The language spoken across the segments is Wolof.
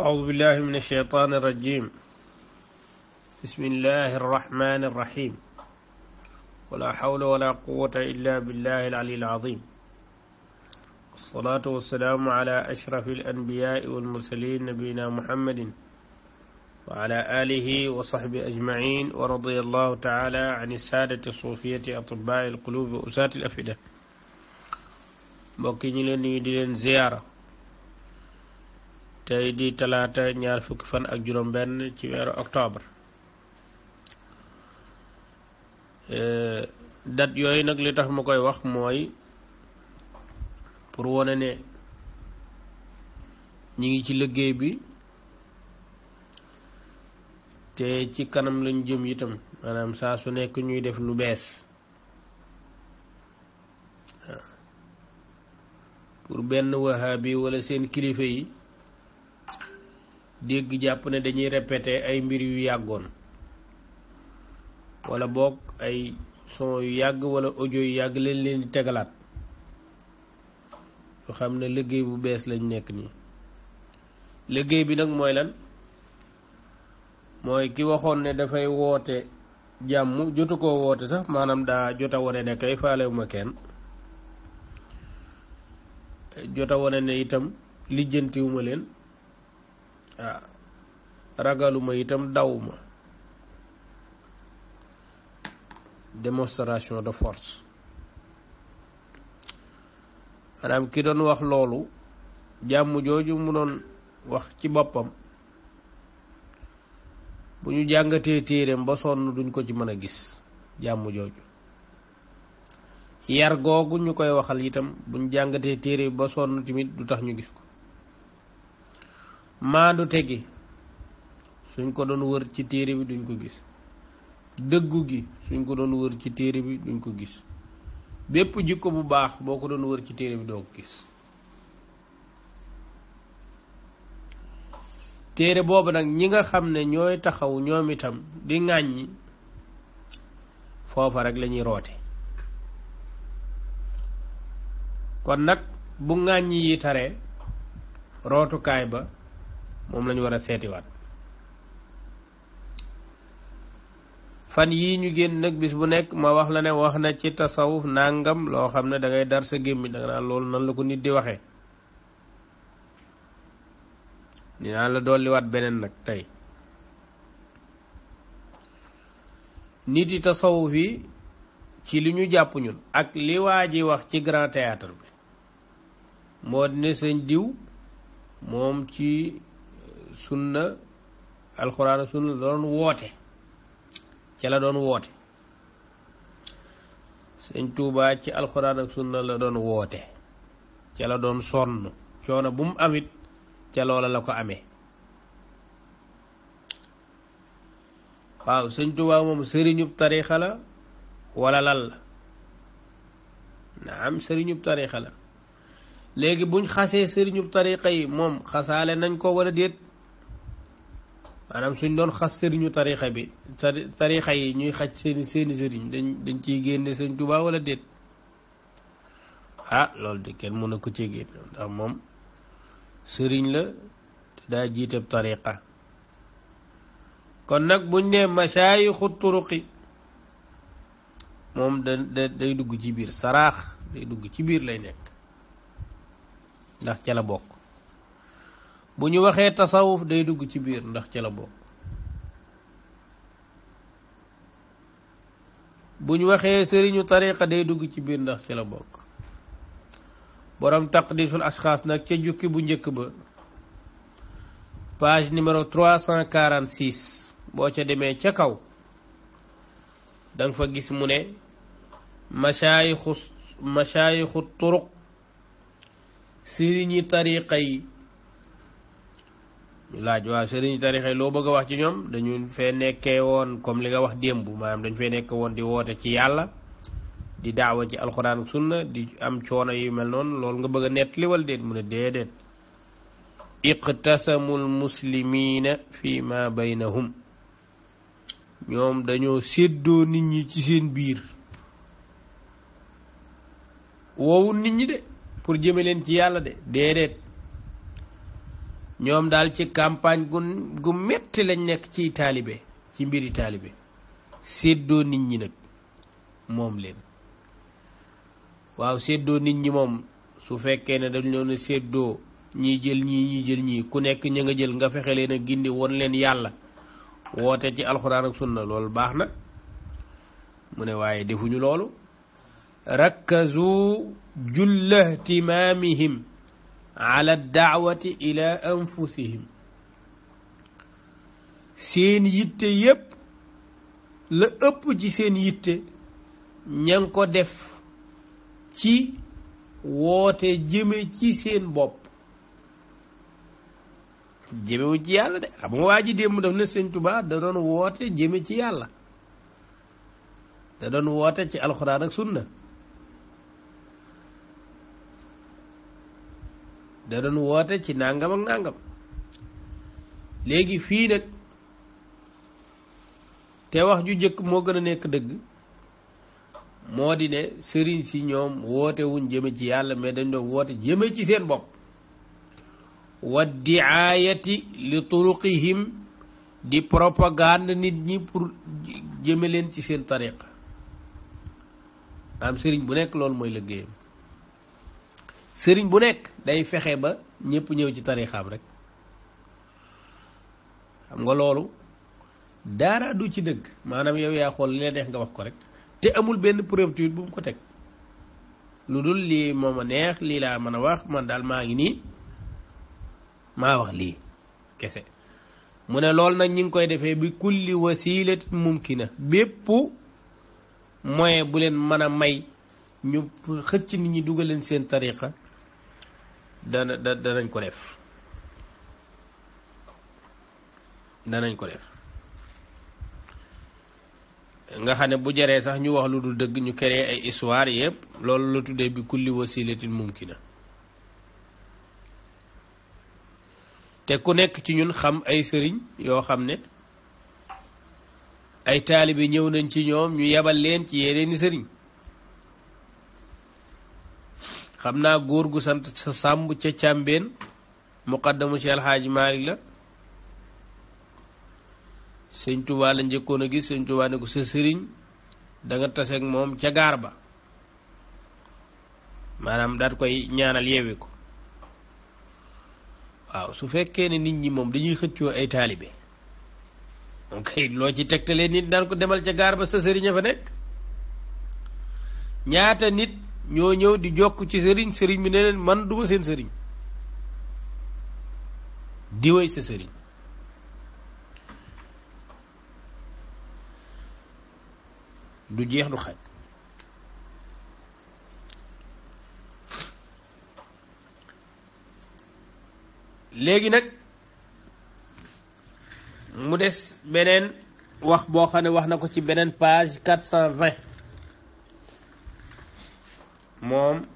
أعوذ بالله من الشيطان الرجيم بسم الله الرحمن الرحيم ولا حول ولا قوة إلا بالله العلي العظيم والصلاة والسلام على أشرف الأنبياء والمرسلين نبينا محمد وعلى آله وصحبه أجمعين ورضي الله تعالى عن السادة الصوفية أطباء القلوب وأساة الأفئدة mbokk yi ñu leen nuyu di leen ziyaara tey di talaata ñaar fukki fan ak juróom benn ci weeru octobre e, date yooyu nag li tax ma koy wax mooy pour wone ne ñi ngi ci liggéey bi te ci kanam lañ jëm itam maanaam saa su nekk ñuy def lu bees pour benn wahabi wala seen kilifa yi dégg jàpp ne dañuy répété ay mbir yu yàggoon wala boog ay son yu yàgg wala ojo yu yàgg leen leen di tegalaat yoo xam ne liggéey bu bees lañ nekk nii liggéey bi nag mooy lan mooy ki waxoon ne dafay woote jàmm jotu koo woote sax maanaam daa jot a wane ne kay faalewu ma kenn jot a wane ne itam lijjantiwuma leen Ah, ragaluma itam dawuma démonstration de force maanaam ki doon wax loolu jàmm jooju mu doon wax ci boppam bu ñu jàngatee téereem ba sonn duñ ko ci mën a gis jàmm jooju yar googu ñu koy waxal itam bu ñu jàngatee téere ba sonn tamit du tax ñu gis ko maandu gi suñ ko doon wër ci téere bi duñ ko gis dëggu gi suñ ko doon wër ci téere bi duñ ko gis bépp jikko bu baax boo ko doon wër ci téere bi doo ko gis téere boobu nag ñi nga xam ne ñooy taxaw ñoom itam di ŋàññi foofa rek lañuy roote kon nag bu ŋàññi yi tare rootukaay ba moom lañu war a seetiwaat fan yii ñu génn nag bis bu nekk ma wax la ne wax na ci tasawuf nàngam loo xam ne dangay dar sa gémmi da nga naan loolu nan la ko nit di waxee dinaa la dolliwaat beneen nag tey nit yi tasawuf yi ci li ñu jàpp ñun ak li waa ji wax ci grand théâtre bi moo dina sëñ diw moom ci sunna alxuraan sunna la doon woote ca la doon woote sëñ Tuubaa ci alxuraan ak sunna la doon woote ca la doon sonn coono bu mu amit ca loola la ko amee waaw sëñ Tuubaa moom sëriñub tariixa la walla lan la naam sëriñub tariixa la léegi buñ xasee sëriñub tariixa yi moom xasaale nañ ko walla déet maanaam suñ doon xas sëriñu tarixa bi tarixa yi ñuy xaj seeni seeni sëriñ dañ dañ ciy génne sëñ Tuubaa wala déet ah loolu de kenn mën na ko cee génne ndax moom sëriñ la te daa jiiteb tarixa kon nag buñ ne masaayixu turuqi moom da da day dugg ci biir saraax day dugg ci biir lay nekk ndax ca la bokk bu ñu waxee tasawuf day dugg ci biir ndax ci la bokk bu ñu waxee sëriñu tariqa day dugg ci biir ndax ci la bokk borom taqdisul asxaas nag ca jukki bu njëkk ba page numéro 346 boo ca demee ca kaw danga fa gis mu ne mashaayixu mashaayixu turuq sëriñi tariqa yi ñu laaj waa sëriñ tarixa loo bëgg a wax ci ñoom dañu fee nekkee woon comme li nga wax démb maanaam dañu fee nekk woon di woote ci yàlla di daawa ci alxuraan sunna di am coono yu mel noonu lool nga bëgg a nettali wala déet mu ne déedéet iqtasamul muslimina fii ma baynahum ñoom dañoo séddoo nit ñi ci seen biir woowul nit ñi de pour jëme leen ci yàlla de déedéet ñoom daal ci campagne gu gu métti lañ nekk ci taalibe ci mbiri taalibe seddoo nit ñi nag moom leen waaw seddoo nit ñi moom su fekkee ne dañ leen a seddoo ñii jël ñi ñii jël ñii ku nekk ña nga jël nga fexe leen a gindi won leen yàlla woote ci alxuraan ak sunna loolu baax na mu ne waaye defuñu loolu rakkazu julla ihtimaamihim ala daawati ila anfusihim seen yitte yépp la ëpp ci seen yitte ña ko def ci woote jëme ci seen bopp jëmewu ci yàlla de xam waa ji démb daf ne sëñ Tuubaa da doon woote jëme ci yàlla da doon woote ci alxuraan ak sunna da doon woote ci nangam ak nangam léegi fii nag te wax ju jëkk moo gën a nekk dëgg moo di ne sëriñ si ñoom woote wuñ jëme ci yàlla mais dañ doon woote jëme ci seen bopp wa diaayati li turuqihim di propagande nit ñi pour jëme leen ci seen tariqa am sëriñ bu nekk loolu mooy liggéeyam sëriñ bu nekk day fexe ba ñépp ñëw ci tarixam rek xam nga loolu daara du ci dëgg maanaam yow yaa xool li la neex nga wax ko rek te amul benn preuve tuuti bu mu ko teg lu dul lii moom a neex lii laa mën a wax man daal maa ngi nii maa wax lii kese mu ne loolu nag ñi ngi koy defee bi kulli wasilat mumkina bépp moyen bu leen mën a may ñu xëcc nit ñi dugal leen seen tariqa dana danañ ko def danañ ko def nga xam ne bu jaree sax ñu wax lu dul dëgg ñu créer ay histoire yëpp loolu la tuddee bi kulli wasilatin mumkina te ku nekk ci ñun xam ay sëriñ yoo xam ne ay taalibe ñëw nañ ci ñoom ñu yebal leen ci yeneen i sëriñ xam naa góor gu sant sa sàmb ca càmbeen muqaddamu ci alxaaji Maalik la sëñ Tuubaa la njëkkoon a gis sëñ Tuubaa ne ko sa sëriñ da nga taseeg moom ca gaar ba maanaam daat koy ñaanal yeewi ko waaw su fekkee ne nit ñi moom dañuy xëccoo ay taalibe moom kay loo ci tegtalee nit daan ko demal ca gaar ba sa sëriñ a fa nekk ñaata nit ñoo ñëw di jokk ci sëriñ sëriñ bi ne leen man duma seen sëriñ diwéy sa sëriñ du jeex du xaj léegi nag mu des beneen wax boo xam ne wax na ko ci beneen page quatre cent vingt moom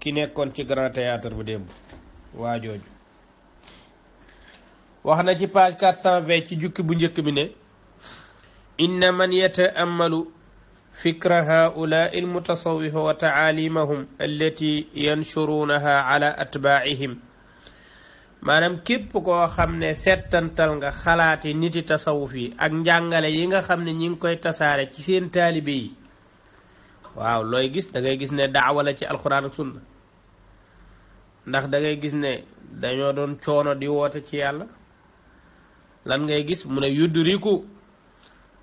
ki nekkoon ci grand théâtre bu démb waa jooju wax na ci page 420 ci jukki bu njëkk bi ne inna man yataamalu fikra haulaai almutasawifa wa taalimahum allati yanchurunaha ala atbaacihim maanaam képp koo xam ne settantal nga xalaati niti tasawuf yi ak njàngale yi nga xam ne ñi ngi koy tasaare ci seen taalibe yi waaw looy gis dangay gis ne daawa la ci alxuraan ak sunna ndax dangay gis ne dañoo doon coono di woote ci yàlla lan ngay gis mu ne yudriku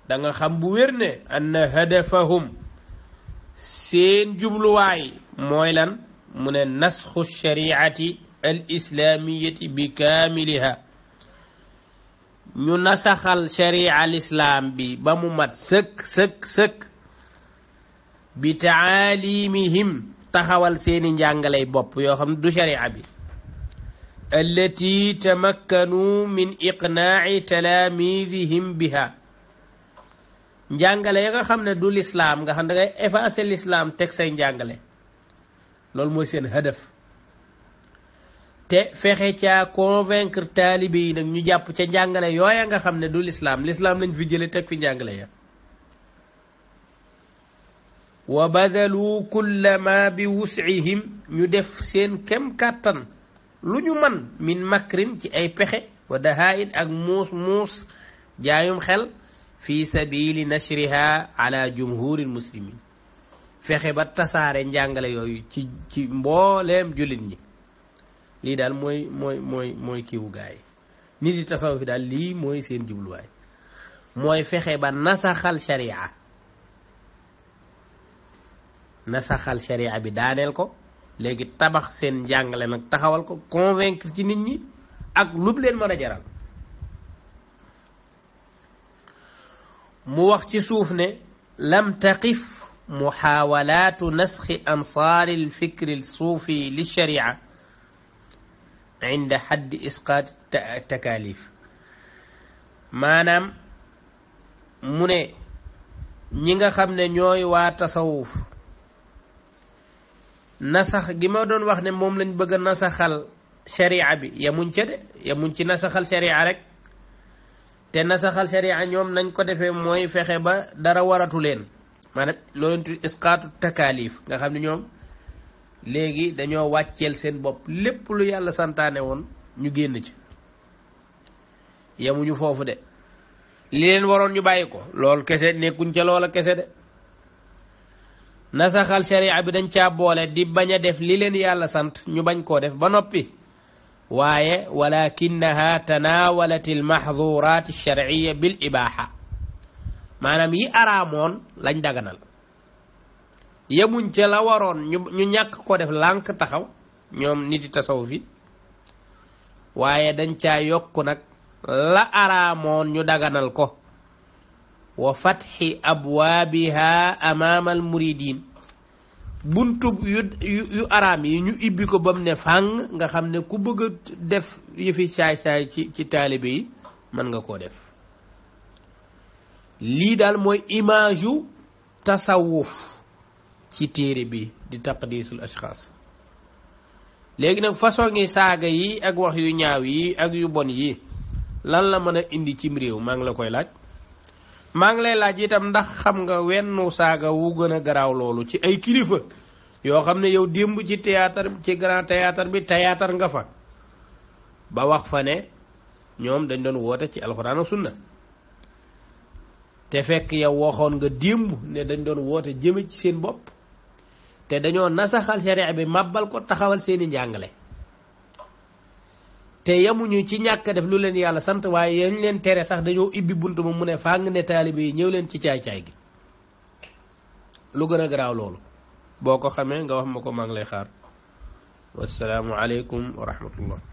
da danga xam bu wér ne anna hadafahum seen jubluwaay mooy lan mu ne nasxu shariati al islamiyati bi kaamiliha ñu nasaxal sharia al islaam bi ba mu mat sëkk sëkk sëkk bi taalimihim taxawal seeni njàngaley bopp yoo xam ne du sharia bi allati tamakkanu min iqnaai talaamidihim biha njàngale ya nga xam ne du lislaam nga xam ne dangay lislaam teg say njàngale loolu mooy seen hadaf te fexe caa convaincre taalibe yi nag ñu jàpp ca njàngale yooya nga xam ne du lislaam lislaam lañ fi jële teg fi njàngale ya wa badalu kulla ma bi wus'ihim ñu def seen kem kàttan lu ñu man min makrin ci ay pexe wa dahaa'in ak muus muus jaayum xel fi sabili nashriha ala jumhuril muslimin fexe ba tasaare njàngale yooyu ci ci mbooleem jullit ñi lii dal mooy mooy mooy mooy kiiwu gaay nit yi daal lii mooy seen jubluwaay mooy fexe ba nasaxal sharia na saxal sharia bi daaneel ko léegi tabax seen njàngale nag taxawal ko convaincre ci nit ñi ak lub ma mën a jaral mu wax ci suuf ne lam taqif muxaawalaatu nasxi ansaari alfikri alsuufi lilsharia inda xaddi isqaat takaalif maanaam mu ne ñi nga xam ne ñooy waa tasawuf nasax gi ma doon wax ne moom lañ bëgg a nasaxal sharia bi yamuñ ca de yamuñ ci nasaxal sharia rek te nasaxal sharia ñoom nañ ko defee mooy fexe ba dara waratu leen maanaam loolu tudd isqaatu nga xam ne ñoom léegi dañoo wàcceel seen bopp lépp lu yàlla santaane woon ñu génn ci yamuñu foofu de li leen waroon ñu bàyyi ko loolu kese nekkuñ ca loola kese de nasaxal sharia bi dañ caa boole di bañ a def li leen yàlla sant ñu bañ koo def ba noppi waaye walakinaha tanawalat al mahdurat alsharciya bil ibaxa maanaam yi araamoon lañ daganal yemuñ ca la waroon ñu ñàkk ko def lànk taxaw ñoom niti tasawuf waaye dañ caa yokk nag la araamoon ñu daganal ko wa fatxi abwaabiha amaamal muridin buntub yu yu araam yi ñu ibbi ko ba ne fànn nga xam ne ku bëgg def yëfi saay-saay ci ci taalibe yi mën nga koo def lii daal mooy image yu tasawuf ci téere bi di taqdisul ashxaas léegi nag façon ngi saaga yi ak wax yu ñaaw yi ak yu bon yi lan la mën a indi cim réew maa ngi la koy laaj maa ngi lay laaj itam ndax xam nga wenn saaga wu gën a garaaw loolu ci ay kilifa yoo xam ne yow démb ci théâtre ci grand théâtre bi théâtre nga fa ba wax fa ne ñoom dañ doon woote ci alxuraan ak sunna te fekk yow waxoon nga démb ne dañ doon woote jëme ci seen bopp te dañoo nasaxal sharia bi màbbal ko taxawal seeni njàngale te yemuñu ci ñàkk def lu leen yàlla sant waaye yañ leen tere sax dañoo ibbi bunt ma mu ne fàng ne taalibe yi ñëw leen ci caay-caay gi lu gën a garaaw loolu boo ko xamee nga wax ma ko maa ngi lay xaar wassalaamu aleykum wa